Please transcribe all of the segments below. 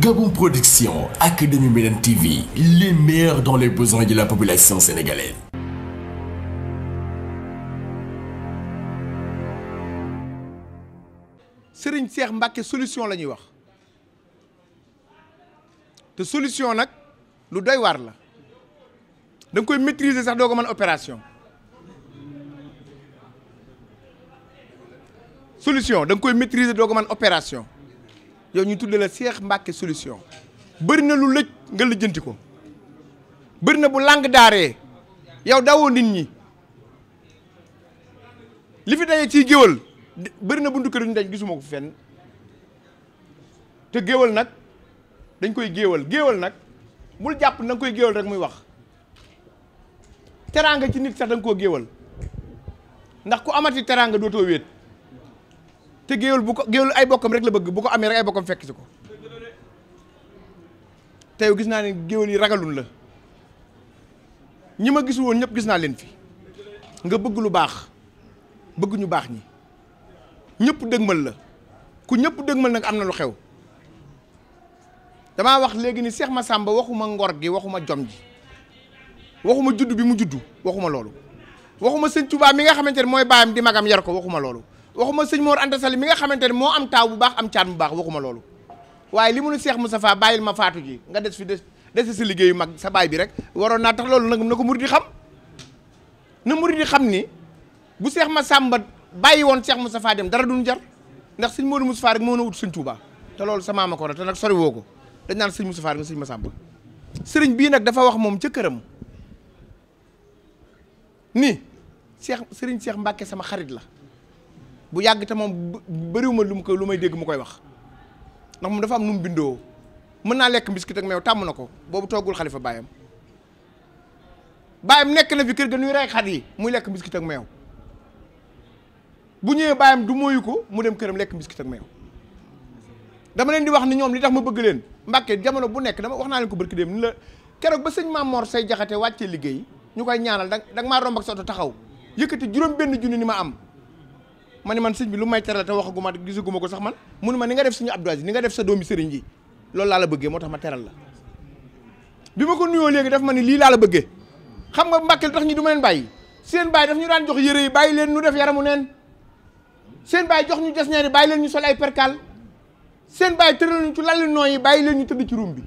Gabon Production ak Darou Minane TV les meilleurs dans les besoins de la population sénégalaise. Serigne Cheikh Mbacke solution la ñuy wax te solution nag lu doy waar la da koy maîtriser sax doo ko mën opération solution da koy maîtriser doo ko man opération. yow ñu tuddee la Cheikh Mbacke solution bëri na lu lëj nga lijjanti ko bëri na bu làng daaree yow dawoo nit ñi li fi daje ciy géwal bëri na buntu kër ñu daj gisuma ko fen te géwal nag dañ koy géwal géwal nag bul jàpp na koy géwal rek muy wax teraanga ci nit sax da koo géwal ndax ku amati teraanga dootoo wéet te géwél bu ko géwél ay bokkam rek la bëgg bu ko amee rek ay bokkam fekk si ko tey gis naa ne géwél yi ragalun la ñi ma gisul woon ñëpp gis naa leen fi nga bëgg lu baax bëgg ñu baax ñi ñëpp dëgmal la ku ñëpp dëgmal nag am na lu xew damaa wax léegi ni Seex ma Masamba waxuma ngor gi waxuma jom ji waxuma juddu bi mu juddu waxuma loolu waxuma sëñ Tuubaa mi nga xamante ne mooy baayam di magam yar ko waxuma loolu waxuma sëñ Mor Anta Sali mi nga xamante ne moo am taaw bu baax am caat bu baax waxuma loolu waaye li mu nu Seex Moustapha bàyyil ma faatu ji nga des fi des des sa liggéeyu mag sa baay bi rek waroon naa tax loolu nag na ko murid di xam na murid xam ni bu Seex ma Masamba bàyyi woon Seex Moustapha dem dara duñ jar ndax sëñ Modou Moustapha rek moo na wut sëñ Touba te loolu sa maama ko te nag sori woo ko dañ naan sëñ Moustapha rek nga sëñ Masamba sëriñ bii nag dafa wax moom ca këram ni Seex sëriñ Seex Mbàkke sama xarit la bu yàgg te moom bëriwuma lu mu ko lu may dégg mu koy wax ndax moom dafa am nu mu bindoo mën naa lekk mbiskit ak meew tàmm na ko boobu toggul xalifa baayam baayam nekk na fi kër ga nuy rey xat yi muy lekk mbiskit ak meew bu ñëwee baayam du mooyu ko mu dem këram lekk mbiskit ak meew dama leen di wax ni ñoom li tax ma bëgg leen Mbàkke jamono bu nekk dama wax naa leen ko barki dem ni la keroog ba sëñ Mamor say jaxate wàccee liggéey ñu koy ñaanal da nga maa romb ak sa oto taxaw yëkkati juróom benn junni ni ma am ma ne man sëñ bi lu may teral te waxaguma gisaguma ko sax man munu ma ni nga def suñu Abdou Aziz ni nga def sa doomi sëriñ ji loolu laa la bëggee moo tax ma teral la bi ma ko nuyoo léegi daf ma ni lii laa la bëggee xam nga mbàkkeel tax ñi du ma leen bàyyi seen bàyyi daf ñu daan jox yére yi bàyyi leen ñu def yaramu neen seen bàyyi jox ñu des ñaari bàyyi leen ñu sol ay perkaal seen bàyyi tëral ñu ci lal noon yi bàyyi leen ñu tëdd ci ruum bi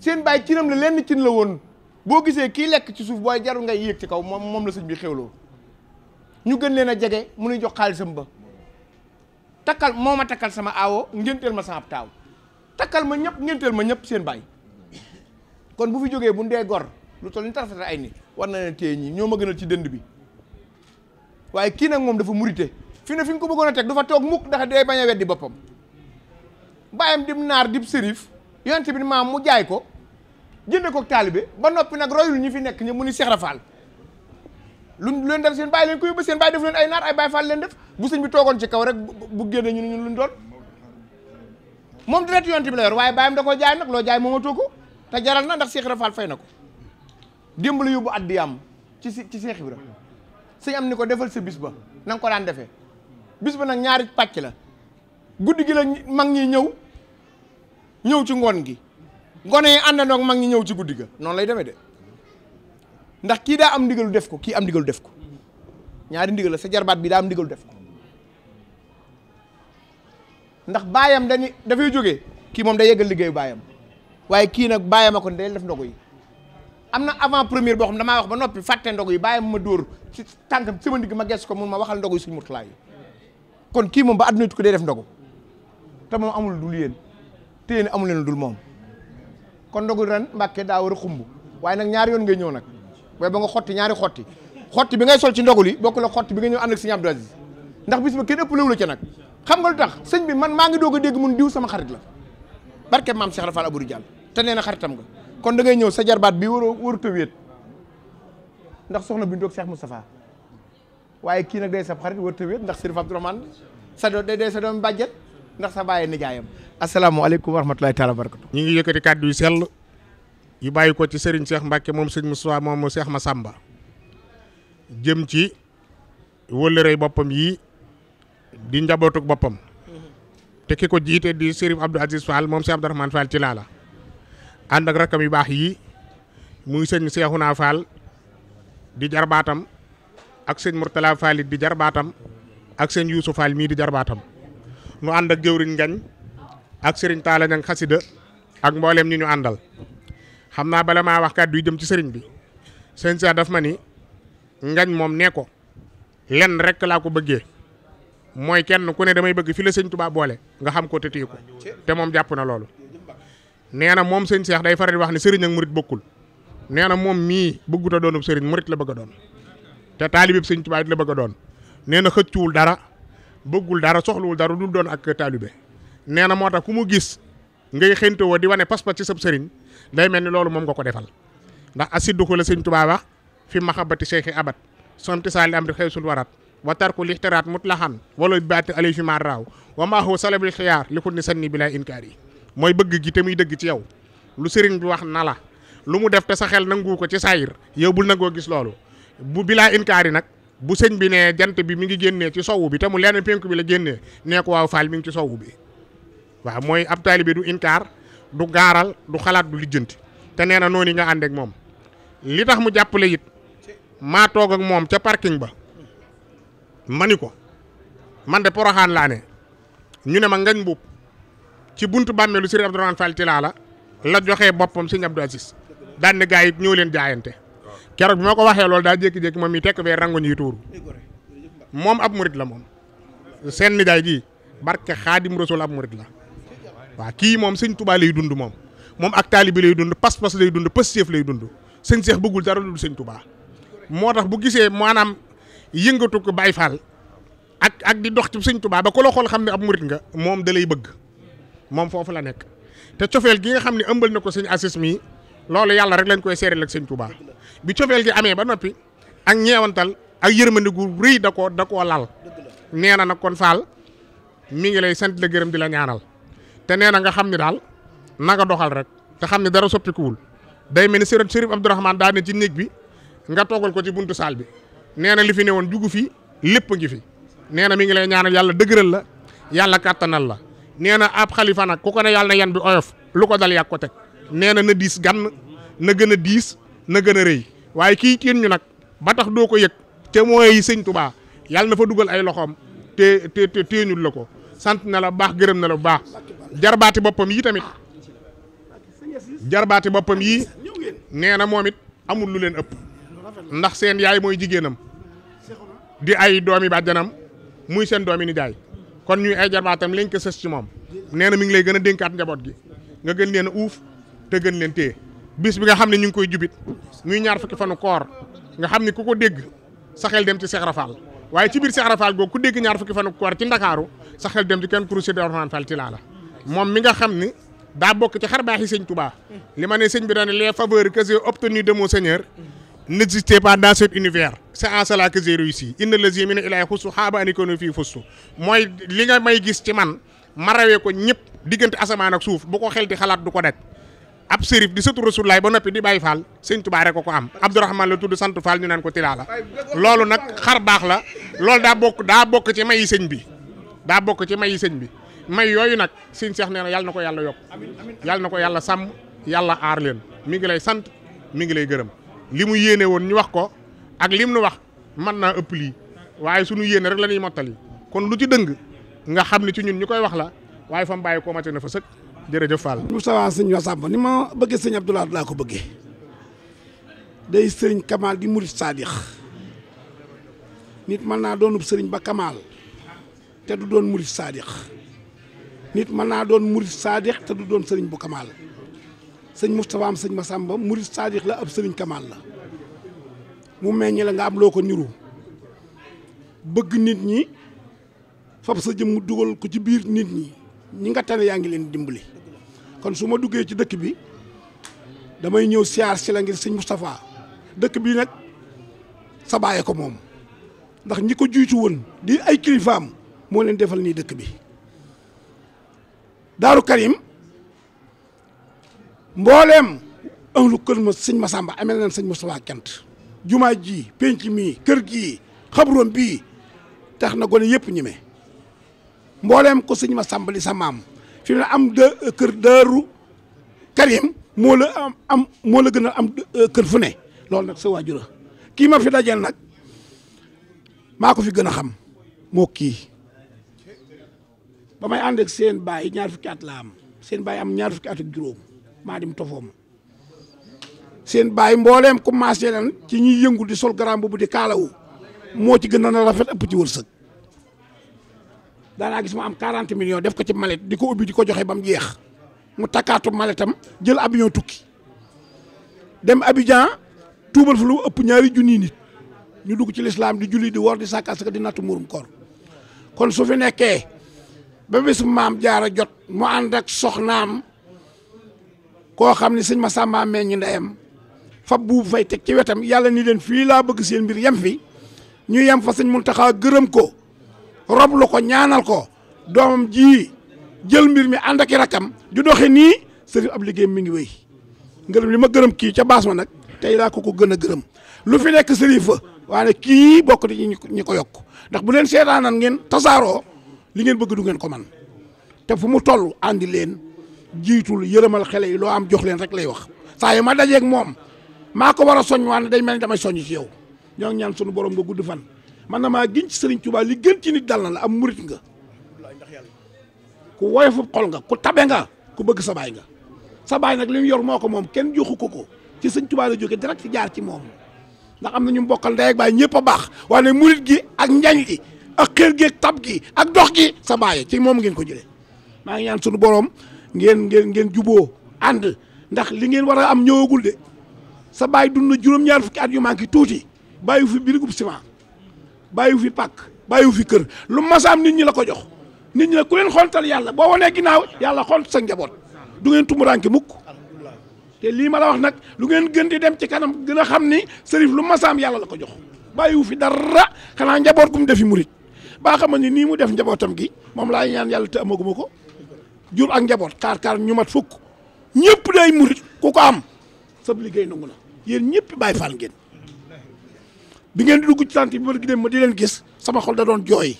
seen bàyyi cinam la lenn cin la woon boo gisee kii lekk ci suuf booy jarul ngay yéeg ci kaw moom moom la sëñ bi xewloo ñu gën leen a jege mu mënuñ jox xaalisam ba takkal moom ma takkal sama awo ngénteel ma sama taaw takkal ma ñëpp ngénteel ma ñëpp seen baay kon bu fi jógee bu dee gor lu toll ni tarafetal ay ni war na leen téye ñi ñoo ma gënal ci dënd bi waaye kii nag moom dafa murite fi ne fi nga ko bëggoon a teg du fa toog mukk ndax day bañ a weddi boppam bàyyam dib naar dib sërif yonent bi maam mu jaay ko jënde ko taalibe ba noppi nag royul ñu fi nekk ñi mu ni Seex Rafaal lu leen def seen bàyyi leen ko yóbbu seen bàyyi def ay naar ay bàyyi faal leen def bu sëñ bi toogoon ci kaw rek bu génne ñu ñun luñ doon moom direct yonent bi la yor waaye bàyyam da koo jaay nag loo jaay moomatoo ko te jaral na ndax Seex Ibra Faal fay na ko démb la yóbbu addiyaam ci ci Seex Ibra sëñ am ni ko defal sa bis ba ko daan defee bis ba nag ñaari pàcc la guddi gi la mag ñi ñëw ñëw ci ngoon gi ngone yi àndandoog mag ñi ñëw ci guddi noonu lay demee de ndax kii daa am ndigalu def ko kii am ndigalu def ko ñaari ndigal la sa jarbaat bi daa am ndigalu def ko ndax baayam dañuy dafay jóge kii moom day yeggal liggéeyu baayam waaye kii nag baayam a ko day def ndogu yi am na avant première boo xam damaa wax ba noppi fàtte ndogu yi baayam ma dóor ci tànkam sama ndigg ma ges ko mun ma waxal ndogu yi suñu murtalaay yi kon kii moom ba àdduna tukki day def ndogu te moom amul dul yéen te yéen amul leen dul moom kon ndogu ren mbàkke daa war a xumb waaye nag ñaari yoon ngay ñëw nag waaye ba nga xotti ñaari xotti xotti bi ngay sol ci ndogul yi bokku la xotti bi nga ñëw ànd ak sëñ Abdou Aziz ndax bis ba kenn ëpp lawula ca nag xam nga lu tax sëñ bi man maa ngi doog ko dégg mun diw sama xarit la barke maam Cheikh Rafal Abourou Diall te nee na xaritam nga kon da ngay ñëw sa jarbaat bi waroo warut a wéet ndax soxna bi seex toog Cheikh Moustapha waaye kii nag day sa xarit warut a wéet ndax Sëriñ Abdourahmane sa do day sa doom bàjjet ndax sa bàyyi nijaayam asalaamaaleykum wa rahmatulahi taala wa barakatu ñu ngi yëkkati kàddu yu sell yu bàyyi ko ci sëriñ seex Mbacke moom sëñ Moussa moom Cheikh Massamba jëm ci wëllërey boppam yii di njabootuk boppam te ki ko jiite di Serigne Abdou Aziz Fall moom Cheikh Abdourahmane Fall ci laa la ànd ak rakkam yu baax yii muy sëñ naa Fall di jarbaatam ak sëñ Mourtala Fall di jarbaatam ak sëñ Youssou Fall mii di jarbaatam nu ànd ak jëwriñ ngañ ak Serigne Talla Niang xasida ak mboolem ñi ñu àndal xam naa bala maa wax kàddu yu jëm ci sëriñ bi sëñ Cheikh daf ma ni ngañ moom nee ko lenn rekk laa ko bëggee mooy kenn ku ne damay bëgg fi la sëñ Tuubaa boole nga xam ko te téye ko te moom jàpp na loolu. nee na moom sëñ Cheikh day faral di wax ne sëriñ ak murit bokkul nee na moom mii bëgguta doonu sëriñ murit la bëgg a doon te taalibeb sëñ Tuubaa it la bëgg a doon nee na xëccuwul dara bëggul dara soxlawul dara du doon ak taalibe nee na moo tax ku mu gis ngay xëntewoo di wane pas-pas ci sab sëriñ. day mel ni loolu moom nga ko defal ndax asiddu ko la sëñ Tuubaa wax fi mahabbati cheikhi abat somti saali am ri xeesul warat wa tarku lixtiraat mutlaxan wala baati alay fi maar raaw wa maahu salabil xiyaar li ko ni sanni bi laay inkaar yi mooy bëgg gi te muy dëgg ci yow lu sëriñ bi wax na la lu mu def te sa xel nangu ko ci saayir yow bul nangoo gis loolu bu bi laa inkaar yi nag bu sëñ bi ne jant bi mu ngi génnee ci sowu bi te mu lenn penku bi la génnee nee ko mi ngi ci sowu bi du gaaral du xalaat du lijjanti te nee na noonu nga àndeek moom li tax mu jàppale it maa toog moom ca parking ba ma ni ko man de poroxaan laa ne ñu ne ma ngañ buub ci bunt buntu bàmmeelu Serigne Abdourahmane Fall Tilala la la joxee boppam Serigne Abdou Aziz daan ne gaa yi ñëw leen jaayante keroog bi ma ko waxee loolu daa jékki-jékki moom yi tekk bee rangoñ yi tuuru moom ab murit la moom seen nijaay ji barke xaadim rasul ab murit la waaw kii moom sëñ Touba lay dund moom moom ak taalibe lay dund pas-pas lay dund pësteef lay dund sëñ Seex bëggul dara lu dul sëñ Touba moo tax bu gisee maanaam yëngatu ko Baay Faal ak ak di dox ci sëñ Touba ba ko la xool xam ne ab murit nga moom dalay bëgg moom foofu la nekk te cofeel gi nga xam ne ëmbal na ko sëñ Asis mii loolu yàlla rek lañ koy seereel ak sëñ Touba bi cofeel gi amee ba noppi ak ñeewantal ak yërmande gu rëy da koo da koo lal nee na nag kon Faal mi ngi lay sant la gërëm di la ñaanal. te nee na nga xam ni daal nanga doxal rek te xam ni dara soppikuwul day mel ni sëriñ Sëriñ Abdourahmane daa ne ci néeg bi nga toogal ko ci buntu saal bi nee na li fi ne woon jugu fi lépp ngi fi nee na mi ngi lay ñaanal yàlla dëgëral la yàlla kàttanal la nee na ab xalifa nag ku ko ne yàlla na yan bi oyof lu ko dal yàq ko teg nee na na diis gann na gën a diis na gën a rëy waaye kii tiin ñu nag ba tax doo ko yëg te moo mooy sëñ Tuubaa yàlla na fa dugal ay loxoom te te te la ko sant na la baax gërëm na la bu baax jarbaati boppam yi tamit jarbaati boppam yi nee na moom it amul lu leen ëpp ndax seen yaay mooy jigéenam di ay doomi bàjjanam muy seen doomi nijaay kon ñuy ay jarbaatam lañ ko sës ci moom nee na mi ngi lay gën a dénkaat njaboot gi nga gën leen a uuf te gën leen téye bis bi nga xam ne ñu ngi koy jubit ñuy ñaar fukki fanu koor nga xam ni ku ko dégg sa xel dem ci Seex Rafal waaye ci biir Cheikh Ibra Fall googu ku dégg ñaar fukki fan koor ci ndakaaru sa xel dem ci kenn ku Seydi Abdourahmane Fall Tilala la moom mi nga xam ni daa bokk ci xar baaxi sëñ Touba li ma ne sëñ bi daan les faveurs que j'ai obtenues de mon Seigneur n'existaient pas dans cet univers c'est en cela que j'ai réussi inna lasi mi ne ilaay xustu xaaba anikonu fii mooy li nga may gis ci man ma rawee ko ñëpp diggante asamaan ak suuf bu ko xel di xalaat du ko daj ab sérif di sëtu rasulaay ba noppi di bàyyi faal sëñ Touba rek ko ko am Abdourahmane la tudd sant Fall ñu naan ko Tilala loolu nag xar baax la loolu daa bokk daa bokk ci mayi sëñ bi daa bokk ci mayi sëñ bi may yooyu nag sëñ Cheikh nee na yàlla na ko yàlla yokk yàlla na ko yàlla sàmm yàlla aar leen mi ngi lay sant mi ngi lay gërëm li mu yéene woon ñu wax ko ak mu nu wax mën naa ëpp lii waaye sunu yéene rek la ñuy mottali kon lu ci dëng nga xam ne ci ñun ñu koy wax la waaye fa mu bàyyi koo mate na fa sëkk jërëjëf Fall. Moustapha sëñ Wassamba ni ma bëggee sëñ Abdoulaye laa ko bëggee day sëñ Kamal di Murid nit mën naa doonu sëriñ ba kamaal te du doon murit saadix nit mën naa doon murit saadix te du doon sëriñ bu kamaal sëñ Moustapha am sëñ ma Massamba murit saadix la ab sëriñ kamaal la mu meññ la nga am loo ko niru bëgg nit ñi fab sa jëmm dugal ko ci biir nit ñi ñi nga tane yaa ngi leen dimbali kon su ma duggee ci dëkk bi damay ñëw siyaar si la ngir sëñ Moustapha dëkk bi nag sa bàyyee ko moom ndax ñi ko jiitu woon di ay kilifaam moo leen defal nii dëkk bi daaru karim mbooleem ahlu kër ma sëñ Masamba amel nañ sëñ Moustapha Kent jumaa ji penc mii kër gii xabroom bii tax na gone yëpp ñeme mbooleem ko sëñ Masamba li sa maam fi mu ne am de euh, kër daaru karim moo la am am moo la gën a am euh, kër fu ne loolu nag sa waajura kii ma fi dajeel nag maa ko fi gën a xam moo kii ba may ànd ak seen baay ñaar fukki at laa am seen baay am ñaar fukki at ak juróom maa dim tofoom seen baay mbooleem commencé nan ci ñuy yëngu di sol garam boobu di kaalawu moo ci gën a na rafet ëpp ci wërsëg daanaa gis mu am 40 millions def ko ci malet di ko ubbi di ko joxe ba mu jeex mu takkaatu maletam jël avion tukki dem Abidjan tuubal fu lu ëpp ñaari junni nit ñu dugg ci lislaam di julli di wor di sàkk asaka di nattu murum koor kon su fi nekkee ba bis maam a jot mu ànd ak soxnaam koo xam ne sëñ ma sàmmaa meññ ndeyam fa buubu fay teg ci wetam yàlla ni leen fii laa bëgg seen mbir yem fi ñu yem fa sëñ Muntaxa gërëm ko rob ko ñaanal ko doomam ji jël mbir mi ànd ak i rakam di doxe nii sëriñ ab liggéey mi ngi wéy ngërëm li ma gërëm kii ca baas ma nag tey laa ko ko gën a gërëm lu fi nekk sëriñ fa waane nag kii bokk na ci ñi ko yokk ndax bu leen seetaanan ngeen tasaaroo li ngeen bëgg du ngeen ko man te fu mu toll andi leen jiitul yërëmal xele yi loo am jox leen rek lay wax saa yu ma dajeek moom maa ko war a soññ waan day mel ni dama soññ ci yow ñoo ngi ñaan sunu borom nga gudd fan man na maa giñ ci Serigne Touba li gën ci nit dal na la am murit nga ku woyofu xol nga ku tabe nga ku bëgg sa baay nga sa baay nag li mu yor moo ko moom kenn joxu ko ko ci Serigne Touba la jóge direct jaar ci moom ndax am na ñu mbokkal ndey ak baay ñëpp a baax waane murit gi ak njañ gi ak xër gi ak tab gi ak dox gi sa bàyyi ci moom ngeen ko jëlee maa ngi ñaan suñu borom ngeen ngeen ngeen juboo ànd ndax li ngeen war a am ñëwagul de sa bàyyi dund na juróom-ñaar fukki at yu manqué tuuti bàyyiwu fi birigub ciment bàyyiwu fi pàkk bàyyiwu fi kër lu masaam nit ñi la ko jox nit ñi la ku leen xontal yàlla boo wanee ginnaaw yàlla xont sa njaboot du ngeen tumuranke mukk te lii ma la wax nag lu ngeen gën di dem ci kanam gën a xam ni sërif lu masaam yàlla la ko jox bàyyiwu fi dara xanaa njaboot gu mu defi murit baa xamal ni nii mu def njabootam gi moom laay ñaan yàlla te amaguma ko jur ak njaboot kaar kaar ñu mat fukk ñëpp day murit ku ko am sab liggéey nangu na yéen ñëpp bàyyi faal ngeen bi ngeen di dugg ci tant bi ma gi dem ma di leen gis sama xol da doon jooy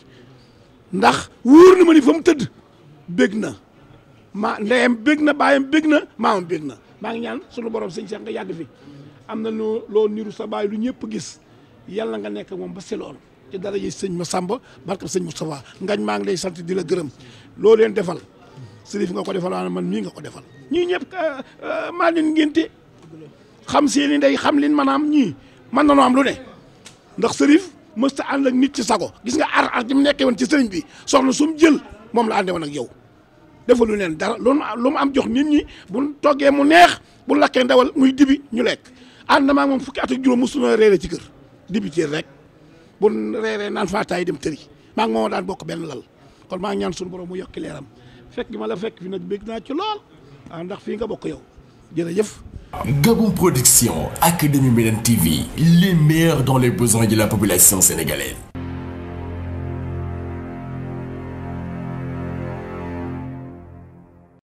ndax wóor na ma ni fa mu tëdd bég na ma ndeyam bég na baayam bég na maamam bég na maa ngi ñaan sunu borom sëñ Cheikh nga yàgg fi am na loo loo niru sa baay lu ñëpp gis yàlla nga nekk moom ba si loolu ci dara yi sëñ ma Massamba barkab sëñ Moustapha ngañ maa ngi lay sant di la gërëm loo leen defal sërif nga ko defal waana man mii nga ko defal ñii ñëpp euh, euh, maa leen ngénte xam seeni ndey xam leen maanaam ñii man nanoo am lu ne ndax sërif mësta ànd ak nit ci sago gis nga ar ar ji mu nekkee woon ci sëriñ bi soxna su jël moom la àndee woon ak yow defalu leen dara lu lu mu am jox nit ñi bu toggee mu neex bu lakkee ndawal muy dibi ñu lekk ànd maa moom fukki at ak juróom mosu noo reere ci kër dibi ci rek bu reeree naan faataay dem tëri maa ngi moom daan bokk benn lal kon maa ñaan suñu borom mu yokki leeram fekk gi ma la fekk fi nag bég naa ci lool ah ndax fii nga bokk yow jërëjëf. Gabon Production Académie Médine TV les meilleurs dans les besoins de la population sénégalaise.